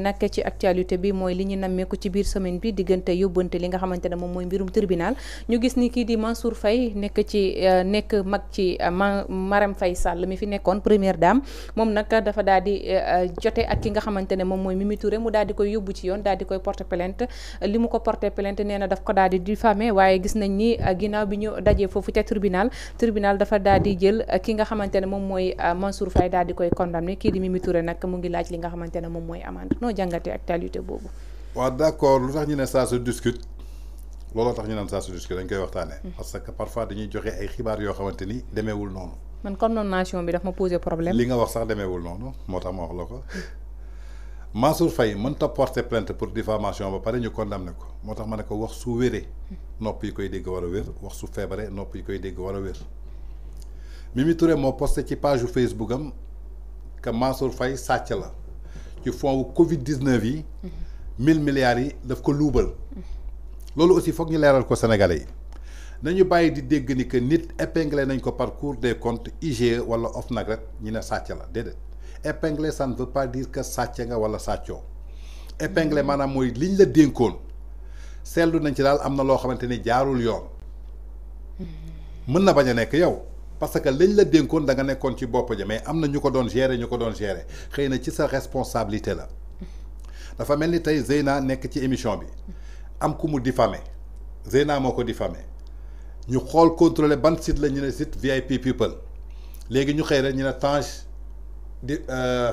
nag ci actualité bi mooy li ñu nammeeku ci biir semaine bi diggante yóbbante li nga xamante ne moom mooy mbirum ñu gis ni kii di Mansour Faye nekk ci euh, nekk mag ci euh, ma Marème Faye Sall mi fi nekkoon première dame moom nag dafa daal di euh, jote ak ki nga xamante ne moom mooy Mimi Touré mu daal di koy yóbbu ci yoon daal di koy porter mu ko porter plainte nee na daf ko daal di diffamé waaye gis nañ ni ginnaaw bi ñu dajee foofu ca tribunal tribunal dafa daal di jël ki nga xamante ne moom mooy Mansour Faye daal di koy condamné kii di Mimi Touré nag mu ngi laaj li nga xamante ne moom mooy amende noo jàngatee actualité bobu wa d'accord accord lu tax ñu né ça se discute looloo tax ñu nan ça se discute dañ koy waxtaanee. Mm-hmm. parce que parfois dañuy joxé ay xibaar xamanteni déméwul ni man comme non nation bi daf ma poser problème. li nga wax sax déméwul noonu motax ma wax la ko mm-hmm. Mansour Faye ta porter plainte pour diffamation ba paré ñu condamné ko motax tax ma ko wax su wéré mm-hmm. nopi koy dégg wala wér wax su fébré nopi koy dégg wala a wér Mimi Touré mo poster ci page Facebook am que Mansour Faye sàcc la. ci foowu Covid 19 yi. mille milliards yi daf ko luubal. loolu aussi foog ñu leeral ko Sénégalais yi nañu bàyyi di dégg ni que nit épinglé nañ ko par Cour des comptes IGE wala OFNAC rek ñu ne sàcc la déedéet épinglé ça ne veut pas dire que sàcc nga wala sàccoo épinglé mm. maanaam mooy liñ la dénkoon seetlu nañ ci daal am na loo xamante ni jaarul yoon. Mm. mën na bañ a nekk yow. parce que ce la denkon da nga nekkoon ci mais nous ñu gérer ñu ko gérer xeyna ci responsabilité la dafa est ci émission bi am kumu diffamé Zeyna moo ñu xol contrôler ban site la ñu VIP people légui ñu xey rek ñu ne di euh,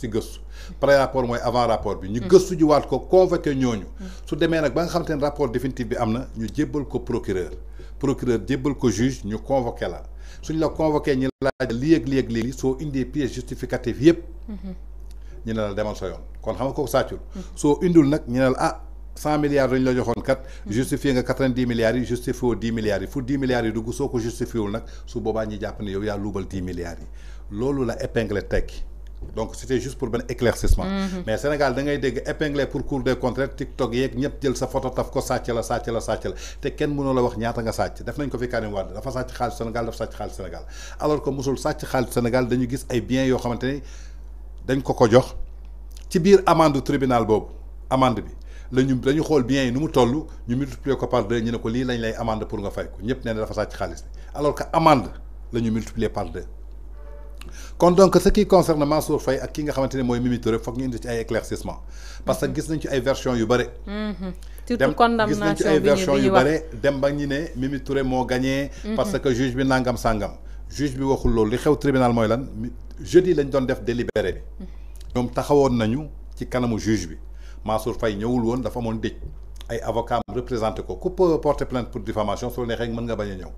ci gëstu pré rapport mooy avant rapport bi ñu mm. gëstu ji waat ko convoqué ñooñu mm. su demee nag ba nga xam te ne rapport définitif bi am na ñu jébbal ko procureur procureur jébbal ko juge ñu convoqué la suñ la convoqué ñi la lii ak lii ak lii soo indee pièces justificatives yëpp mm-hmm. ñu ne la demal sa yoon kon xam nga kooku sàccul mm. soo indul nag ñu ne la ah cent milliards dañu la joxoon kat justifié nga quatre dix milliards yi justifié dix milliards yi fu dix donc c'était juste pour ben éclaircissement mhm. mais Sénégal da ngay dégg épinglé pour Cour des comptes TikTok yeeg ñëpp jël sa photo taf ko sacc la sacc la sacc la té kenn mëno la wax ñaata nga sacc def nañ ko fi Karim Wade dafa sacc xaalis Sénégal dafa sacc xaalis Sénégal alors que musul sacc xaalis Sénégal dañu gis ay bien yo xamante dañ ko ko jox ci biir amende tribunal bobu amende bi la ñu dañu xol bien yi nu mu tollu ñu multiplier ko par deux ñu ne ko li lañ lay amende pour nga fay ko ñëpp nee na dafa sacc xaalis bi alors que amende la ñu multiplier par 2 kon donc ce qui concerne Mansour Faye ak ki nga xamantene ne Mimi Touré foog ñu indi ci ay éclaircissement parce que gis nañ ci ay version yu bëre. Mhm. surtout condamnation gis nañ ci ay version yu bari dem ba ñu ne Mimi Touré mo gagné. Mhm. parce que juge bi nangam sangam. juge bi waxul lool li xew tribunal moy lan jeudi lañ doon def délibéré bi. Mhm. ñoom taxawon nañu ci kanamu juge bi Mansour Faye ñëwul won dafa amoon dëj ay avocat représenté ko ku porter plainte pour diffamation soo neexee mën nga baña ñëw.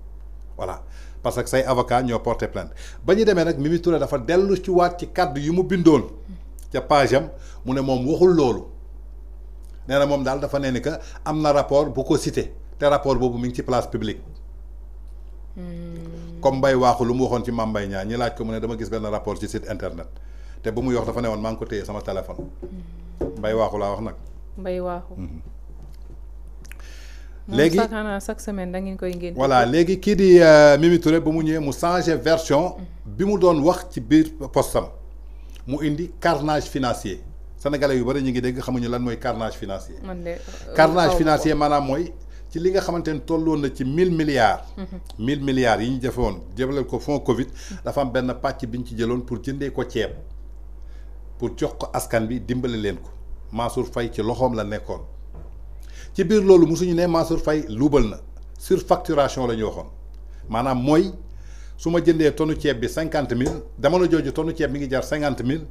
voilà parce que say avocat ñoo porté plainte ba ñu demee nag Mimi Touré dafa dellu ci waat ci kàddu yi mu bindoon ca page am mu ne moom waxul loolu nee na moom daal dafa ne ni que am na rapport bu ko cité te rapport boobu mu ngi ci place publique hmm. comme Mbaye waaxu lu mu waxoon ci Mame Mbaye Niang ñi laaj ko mu ne dama gis benn rapport ci site internet te bu muy wax dafa ne woon maa ngi ko téye sama téléphone hmm. Mbaye waaxu laa wax nag Mbaye waaxu hmm. léegi chaque semaine da ngeen koy ngeen voilà léegi kii di euh, Mimi Touré ba mu ñëwee mu changé version bi mu doon wax ci biir postam mu indi carnage financier sénégalais yu bari ñu ngi dégg xamuñu lan mooy carnage financier euh, carnage financier maanaam mooy ci li nga xamante ne tolloon na ci mille milliards mhm. mille milliards yi ñu jëfe woon jëbalal ko fonds Covid dafa am benn pàcc bi ñu ci jëloon pour jëndee ko ceeb pour jox ko askan bi dimbale leen ko Mansour fay ci loxoom la nekkoon ci biir loolu mosuñu ne Mansour fay luubal na surfacturation la ñu waxoon maanaam mooy su ma jëndee tonne ceeb bi cinquante mille jamono jooju tonne ceeb mi ngi jar cinquante mille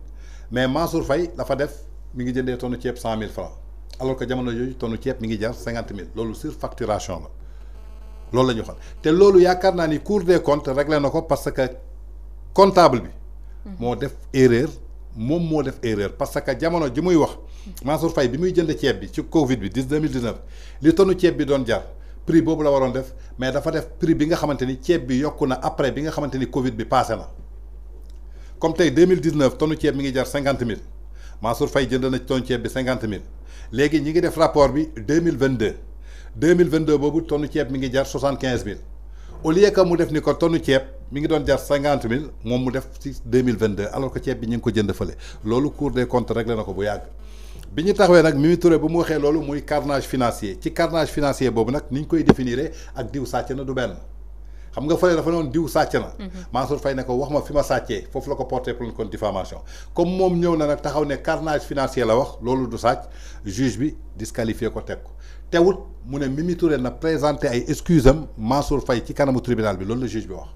mais Mansour Faye dafa def mi ngi jëndee tonne ceeb cent mille francs alors que jamono jooju tonne ceeb mi ngi jar cinquante mille loolu surfacturation la loolu la ñu waxoon te loolu yaakaar naa ni Cour des comptes réglé na ko parce que comptable bi. Mhm. moo def erreur moom moo def erreur parce que jamono ji muy wax. Mansour Faye bi muy jënd ceeb bi ci Covid bi dix deux mille dix neuf li tonu ceeb bi doon jar prix boobu la waroon def mais dafa def prix bi nga xamante ni ceeb bi yokku na après bi nga xamante ni Covid bi passé na comme tey deux mille mi ngi jar cinquante mille Mansour Faye jënd na tonu ceeb bi cinquante léegi ñi ngi def rapport bi deux mille vingt deux deux mille vingt deux boobu tonu ceeb mi ngi jar soixante quinze mille au lieu que mu def ni ko tonu ceeb. mi ngi doon jar cinquante mille moom mu def ci deux mille vingt ceeb bi ñu ngi ko jënd fële loolu Cour des comptes réglé na ko bu yàgg. bi ñu taxawee nag Mimi Touré bu mu waxee loolu muy carnage financier ci carnage financier boobu nag ni ñu koy définiree ak diw sàcc na du benn xam nga fële dafa noon diw sàcc na. Mhm. Mansour fay ne ko wax ma fi ma sàccee foofu la ko porté plainte contre diffamation comme moom ñëw na taxaw ne carnage financier la wax loolu du sàcc juge bi disqualifié ko teg ko teewut mu ne Mimi Touré na présenté ay excuse am Mansour Faye ci kanamu tribunal bi loolu la juge bi wax.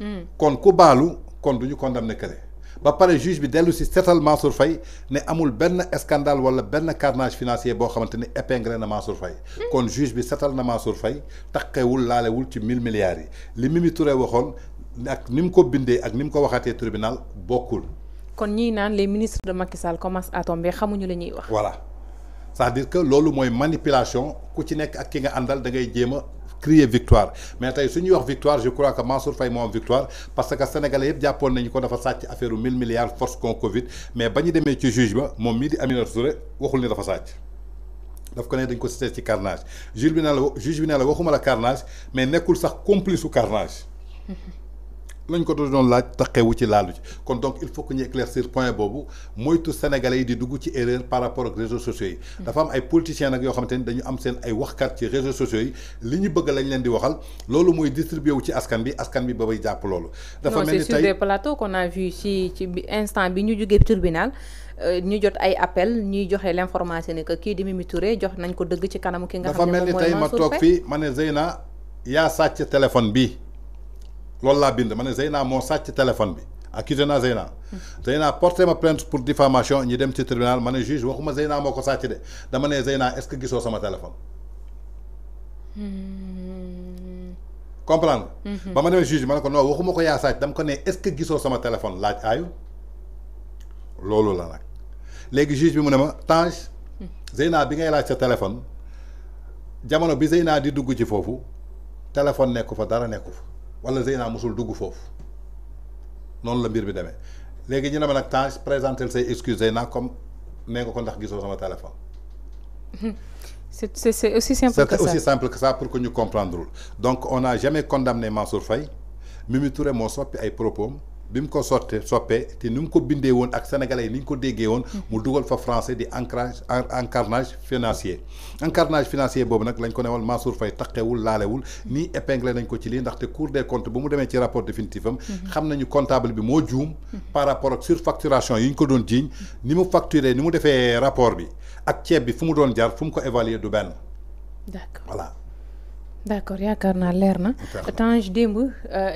Hmm. kon ku baalu kon du ñu condamné kële. ba pare juge bi delu ci setal Mansour fay ne amul ben scandale wala ben carnage financier bo xamanteni épingler na Mansour fay kon juge bi setal na Mansour Faye taqewul laalewul ci 1000 milliards yi li Mimi Touré waxoon ak nim ko bindé ak nim ko waxaté tribunal bokul kon ñi nan les ministres de Macky Sall commence à tomber xamuñu la ñuy wax. voilà c'est-à-dire que lolu moy manipulation ku ci nek ak ki nga àndal da ngay jema crier victoire mais tey su victoire je crois que Mansour Faye mon victoire parce que sénégalais yëpp jàppoon nañu ko fait ça affaire faire 1000 milliards force contre Covid mais banni de demee ci juge mon midi à di ou Touré waxul ni dafa sàcc daf ko carnage juge bien juge bien le la waxuma la carnage mais nekkul sax complice au carnage. lañ ko doon laaj taxewu ci laalu ci kon donc il faut que ñu éclaircir point boobu moytu sénégalais yi di dugg ci erreur par rapport ak réseaux sociaux yi. Hmm. dafa am ay politiciens nag yoo xamante ni dañu am seen ay waxkat ci réseaux sociaux yi li ñu bëgg lañ leen di waxal loolu mooy distribuer wu ci askan bi askan bi babay bay jàpp loolu. dafa mel ni tey c'est sur des plateaux qu'on a vu ci ci instant bi ñu jógee tribunal euh, ñu jot ay appel ñuy joxe l'information ne que kii di Mimi Touré jox nañ ko dëgg ci kanamu ki nga xam ne dafa mel ni tey ma toog fii ma ne Zeyna yaa sàcc téléphone bi. loolu laa bind ma ne Zeyna moo sàcc téléphone bi accusé naa Zeyna. Zeyna porté ma prent pour diffamation ñu dem ci tribunal ma ne juge waxuma Zeyna moo ko sàcc de dama ne Zeyna est-ce que gisoo sama téléphone. Hmm. comprendre hmm. ba ma demee juge ko yaa sàcc ko ne que gisoo sama téléphone laaj aayu loolu bi ma ne ma Tange. Hmm. Zeyna bi ngay laaj sa téléphone jamono bi Zeyna di dugg ci foofu téléphone nekku fa dara nekku fa. wala Zeyna musul dugg foofu noonu la mbir bi demee léegi ñu ne ma nag temps présenter say excuse Zeyna comme nee nga ko ndax gisoo sama téléphone. c'est c'est aussi simple que ça c'est aussi simple que ça pour que ñu comprendre donc on n'a jamais condamné Mansour Faye Mimi Touré moo soppi ay propos Bim ko sottee soppee té num ko bindé won ak sénégalais niñ ko déggee won mm-hmm. mu dougal fa français di ancrage encarnage financier encarnage financier bobu nak lañ ko néwal Mansour épingler takéwul lalewul mm-hmm. ni épinglé nañ ko ci lii ndaxte Cour des comptes bu mu ci rapport définitif mm-hmm. xam nañu comptable bi mo par rapport ak surfacturation yiñ ko doon ni mu facturé ni mu défé rapport bi ak ceeb bi fu mu doon jar fu ko évaluer du ben d'accord voilà d'accord yaakaar naa leer na démb euh,